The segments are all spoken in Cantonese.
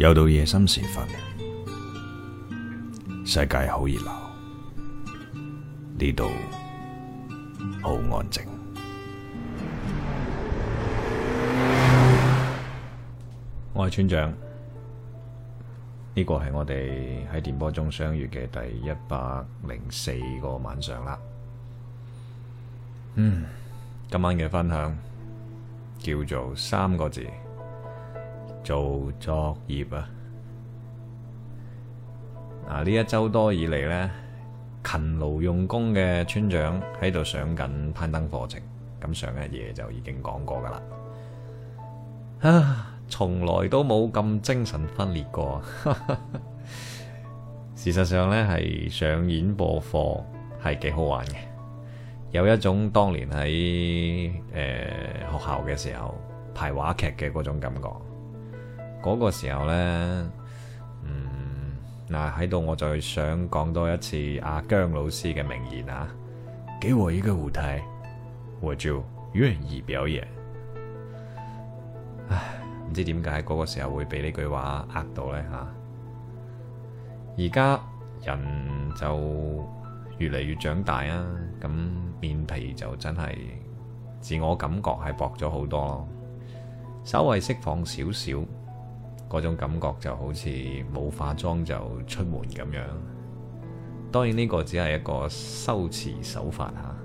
又到夜深時分，世界好熱鬧，呢度好安靜。我係村長，呢個係我哋喺電波中相遇嘅第一百零四個晚上啦。嗯，今晚嘅分享叫做三個字。做作業啊！嗱，呢一周多以嚟呢，勤勞用功嘅村長喺度上緊攀登課程。咁上一夜就已經講過噶啦、啊，從來都冇咁精神分裂過。 事實上呢係上演播課係幾好玩嘅，有一種當年喺誒、呃、學校嘅時候排話劇嘅嗰種感覺。嗰個時候咧，嗯嗱，喺度我就想講多一次阿姜老師嘅名言啊。給我一個舞台，我就願意表演。唉，唔知點解嗰個時候會俾呢句話呃到咧吓。而家人就越嚟越長大啊，咁面皮就真係自我感覺係薄咗好多咯，稍微釋放少少。嗰種感覺就好似冇化妝就出門咁樣。當然呢個只係一個修辭手法嚇。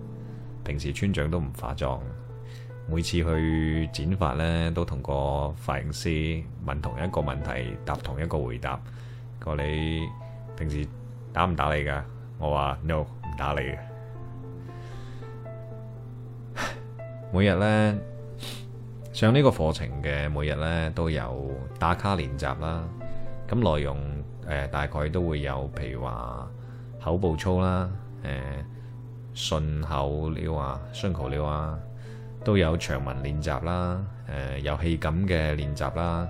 平時村長都唔化妝，每次去剪髮呢，都同個髮型師問同一個問題，答同一個回答。個你平時打唔打你㗎？我話 no，唔打你嘅。每日呢。上呢個課程嘅每日咧都有打卡練習啦，咁內容誒大概都會有，譬如話口部操啦，誒、呃、順口溜啊、順口溜啊，都有長文練習啦，誒有戲感嘅練習啦，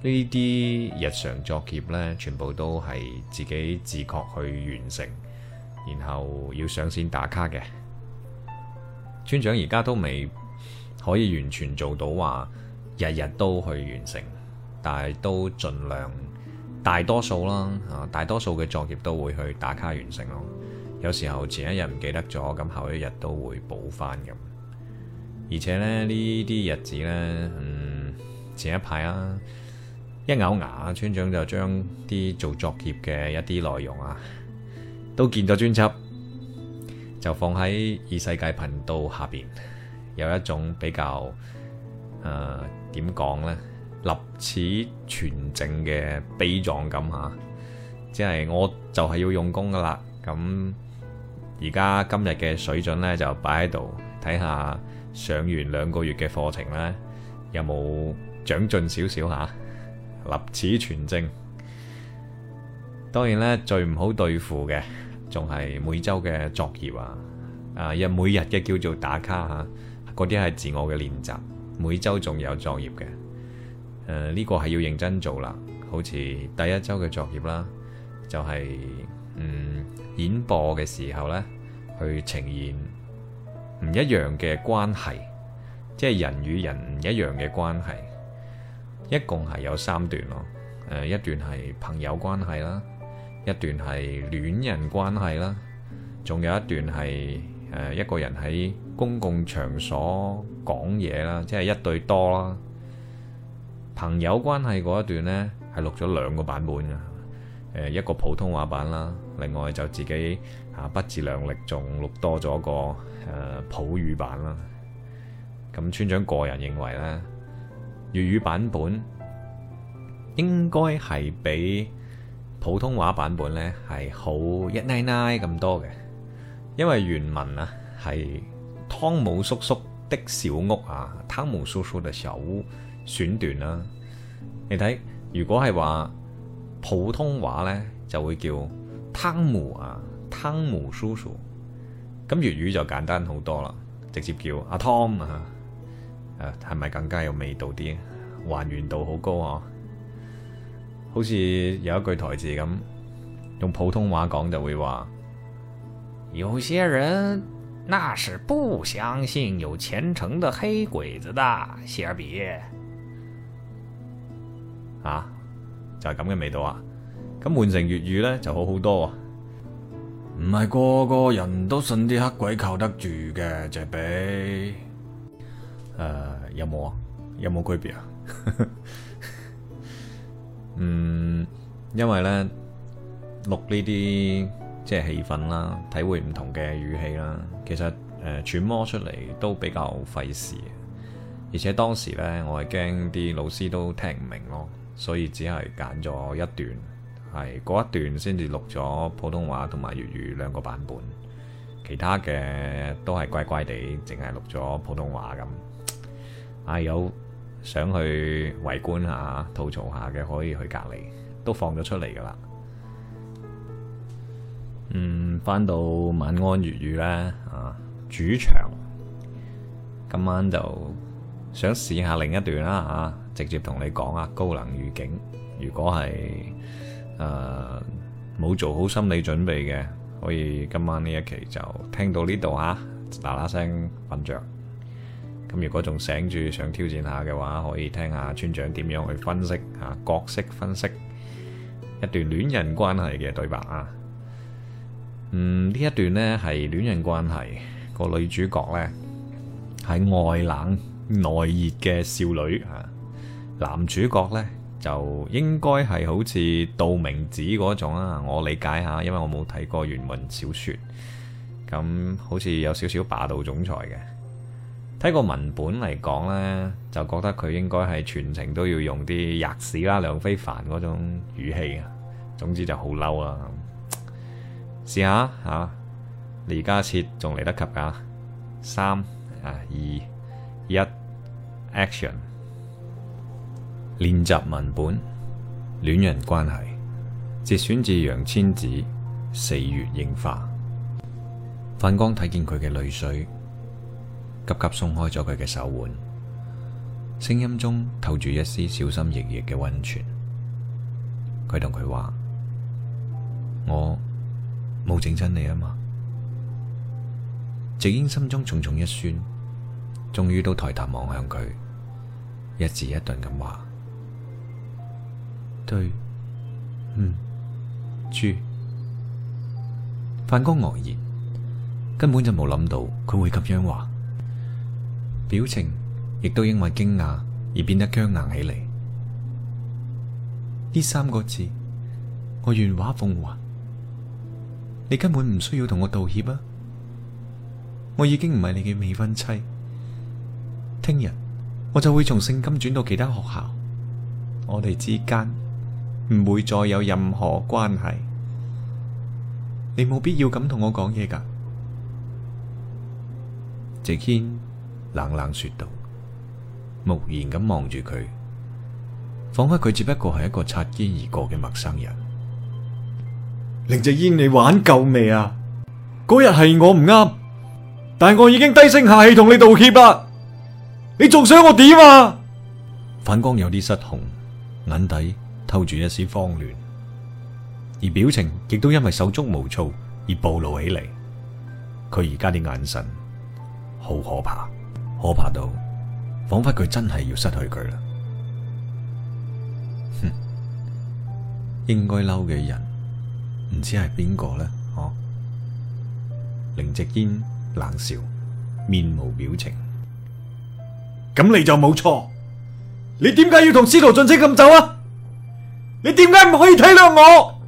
呢啲日常作業咧，全部都係自己自覺去完成，然後要上線打卡嘅。村長而家都未可以完全做到話日日都去完成，但係都盡量大多數啦，大多數嘅作業都會去打卡完成咯。有時候前一日唔記得咗，咁後一日都會補翻咁。而且咧呢啲日子咧，嗯，前一排啊，一咬牙，村長就將啲做作業嘅一啲內容啊，都建咗專輯，就放喺二世界頻道下邊。有一種比較誒點講咧，立此存證嘅悲壯感嚇，即係我就係要用功噶啦。咁而家今日嘅水準咧就擺喺度睇下，看看上完兩個月嘅課程咧，有冇長進少少嚇？立此存證。當然咧，最唔好對付嘅仲係每週嘅作業啊，誒日每日嘅叫做打卡嚇。啊嗰啲係自我嘅練習，每週仲有作業嘅，誒、呃、呢、呢個係要認真做啦。好似第一周嘅作業啦，就係、是、嗯演播嘅時候咧，去呈現唔一樣嘅關係，即係人與人唔一樣嘅關係。一共係有三段咯，誒、呃、一段係朋友關係啦，一段係戀人關係啦，仲有一段係，誒一個人喺公共場所講嘢啦，即係一對多啦。朋友關係嗰一段呢，係錄咗兩個版本嘅。誒一個普通話版啦，另外就自己嚇不自量力，仲錄多咗個誒、呃、普語版啦。咁村長個人認為呢，粵語版本應該係比普通話版本呢係好一奶奶咁多嘅。因為原文啊係湯姆叔叔的小屋啊，湯姆叔叔的小屋選段啦。你睇，如果係話普通話咧，就會叫湯姆啊，湯姆叔叔。咁粵語就簡單好多啦，直接叫阿湯啊。誒，係咪更加有味道啲？還原度好高啊！好似有一句台詞咁，用普通話講就會話。有些人，那是不相信有虔誠的黑鬼子的。謝爾比，啊，就係咁嘅味道啊。咁換成粵語咧就好好多啊。唔係個個人都信啲黑鬼靠得住嘅，謝比。誒、呃，有冇啊？有冇區別啊？ 嗯，因為咧錄呢啲。即係氣氛啦，體會唔同嘅語氣啦。其實誒、呃、揣摩出嚟都比較費事，而且當時咧我係驚啲老師都聽唔明咯，所以只係揀咗一段，係嗰一段先至錄咗普通話同埋粵語兩個版本，其他嘅都係乖乖地，淨係錄咗普通話咁。啊有想去圍觀下、吐槽下嘅，可以去隔離，都放咗出嚟噶啦。翻到晚安粵語啦。啊主場，今晚就想試下另一段啦啊！直接同你講啊，高能預警！如果係誒冇做好心理準備嘅，可以今晚呢一期就聽到呢度吓，嗱嗱聲瞓着。咁如果仲醒住想挑戰下嘅話，可以聽下村長點樣去分析啊，角色分析一段戀人關係嘅對白啊！嗯，呢一段咧係戀人關係，那個女主角呢係外冷內熱嘅少女啊，男主角呢就應該係好似道明寺嗰種啊，我理解下，因為我冇睇過原文小說，咁好似有少少霸道總裁嘅。睇個文本嚟講呢，就覺得佢應該係全程都要用啲吔屎啦梁非凡嗰種語氣啊，總之就好嬲啦。試下嚇、啊，你而家切仲嚟得及㗎、啊，三啊二一，action。練習文本，戀人關係，節選自楊千紫《四月櫻花》。梵光睇見佢嘅淚水，急急鬆開咗佢嘅手腕，聲音中透住一絲小心翼翼嘅温存。佢同佢話：我。冇整親你啊嘛！夕煙心中重重一酸，終於都抬頭望向佢，一字一頓咁話：對，唔，住。梵光愕、呃、然，根本就冇諗到佢會咁樣話，表情亦都因為驚訝而變得僵硬起嚟。呢三個字，我原話奉還。你根本唔需要同我道歉啊！我已經唔係你嘅未婚妻，聽日我就會從聖金轉到其他學校，我哋之間唔會再有任何關係。你冇必要咁同我講嘢噶。夕煙冷冷說道，木然咁望住佢，仿佛佢只不過係一個擦肩而過嘅陌生人。凌夕煙，你玩夠未啊？嗰日係我唔啱，但係我已經低聲下氣同你道歉啦。你仲想我點啊？梵光有啲失控，眼底透住一絲慌亂，而表情亦都因為手足無措而暴怒起嚟。佢而家啲眼神好可怕，可怕到仿佛佢真係要失去佢啦。哼，應該嬲嘅人。唔知係邊個咧？哦、啊，凌夕煙冷笑，面無表情。咁你就冇錯，你點解要同司徒俊清咁走啊？你點解唔可以體諒我？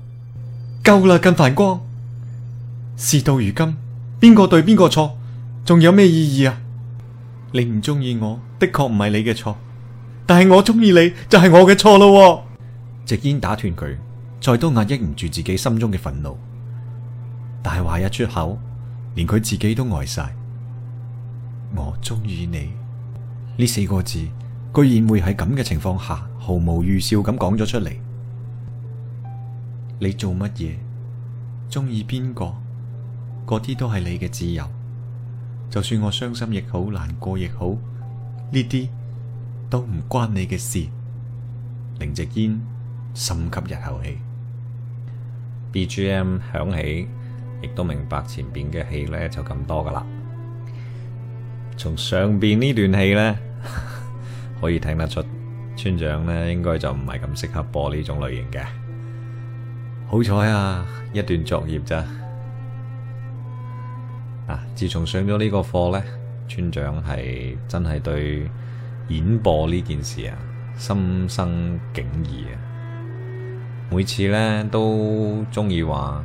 夠啦，靳梵光。事到如今，邊個對邊個錯，仲有咩意義啊？你唔中意我的確唔係你嘅錯，但係我中意你就係我嘅錯咯。夕煙打斷佢。再都壓抑唔住自己心中嘅憤怒，但話一出口，連佢自己都呆晒。我中意你呢四個字，居然會喺咁嘅情況下，毫無預兆咁講咗出嚟。你做乜嘢？中意邊個？嗰啲都係你嘅自由。就算我傷心亦好，難過亦好，呢啲都唔關你嘅事。凌夕煙，深吸一口氣。BGM 響起，亦都明白前邊嘅戲咧就咁多噶啦。從上邊呢段戲咧， 可以聽得出村長咧應該就唔係咁適合播呢種類型嘅。好彩啊，啊一段作業咋。啊，自從上咗呢個課咧，村長係真係對演播呢件事啊心生敬意啊。每次咧都鍾意話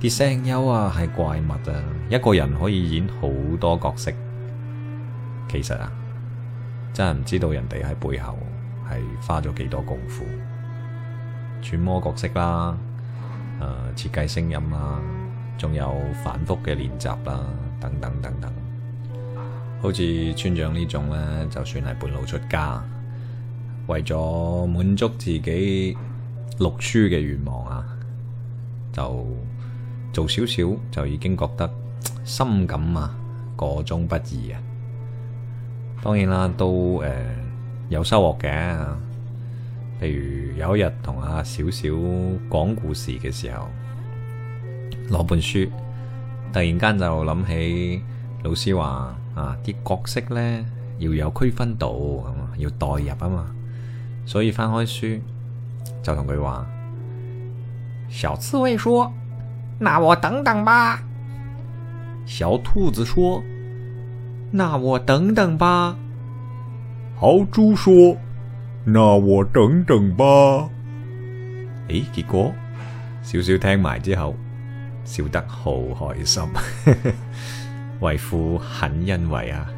啲聲優啊係怪物啊，一個人可以演好多角色。其實啊，真係唔知道人哋喺背後係花咗幾多功夫，揣摩角色啦，誒、呃，設計聲音啦、啊，仲有反復嘅練習啦，等等等等等等。好似村長呢種咧，就算係半路出家，為咗滿足自己。錄書嘅願望啊，就做少少就已經覺得深感啊個中不易啊。當然啦，都誒、呃、有收穫嘅、啊。譬如有一日同阿小小講故事嘅時候，攞本書，突然間就諗起老師話啊啲角色咧要有區分度，咁啊要代入啊嘛，所以翻開書。就同佢話，小刺蝟說，那我等等吧。小兔子說，那我等等吧。豪豬說，那我等等吧。咦，結果小小聽埋之後，笑得好開心。 為父很欣慰啊。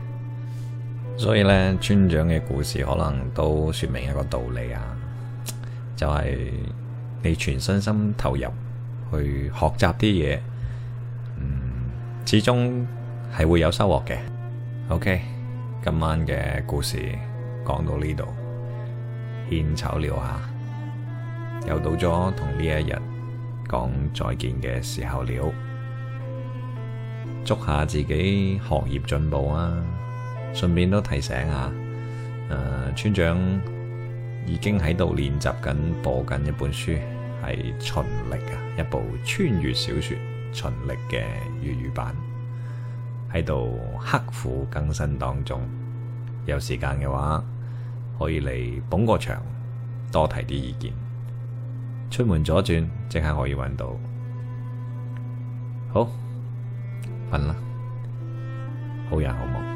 所以呢，村長嘅故事可能都說明一個道理啊。就係你全身心投入去學習啲嘢，嗯，始終係會有收穫嘅。OK，今晚嘅故事講到呢度，獻醜了吓，又到咗同呢一日講再見嘅時候了，祝下自己學業進步啊，順便都提醒下，誒、呃，村長。已經喺度練習緊播緊一本書，係秦吏啊一部穿越小說《秦吏》嘅粵語版，喺度刻苦更新當中。有時間嘅話，可以嚟捧個場，多提啲意見。出門左轉即刻可以搵到。好，瞓啦。好人好夢。